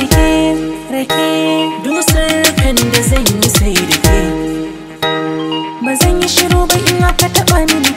rake rake dusar kan da zan yi sai rake ba zan yi shiru ba in aka taɓa ni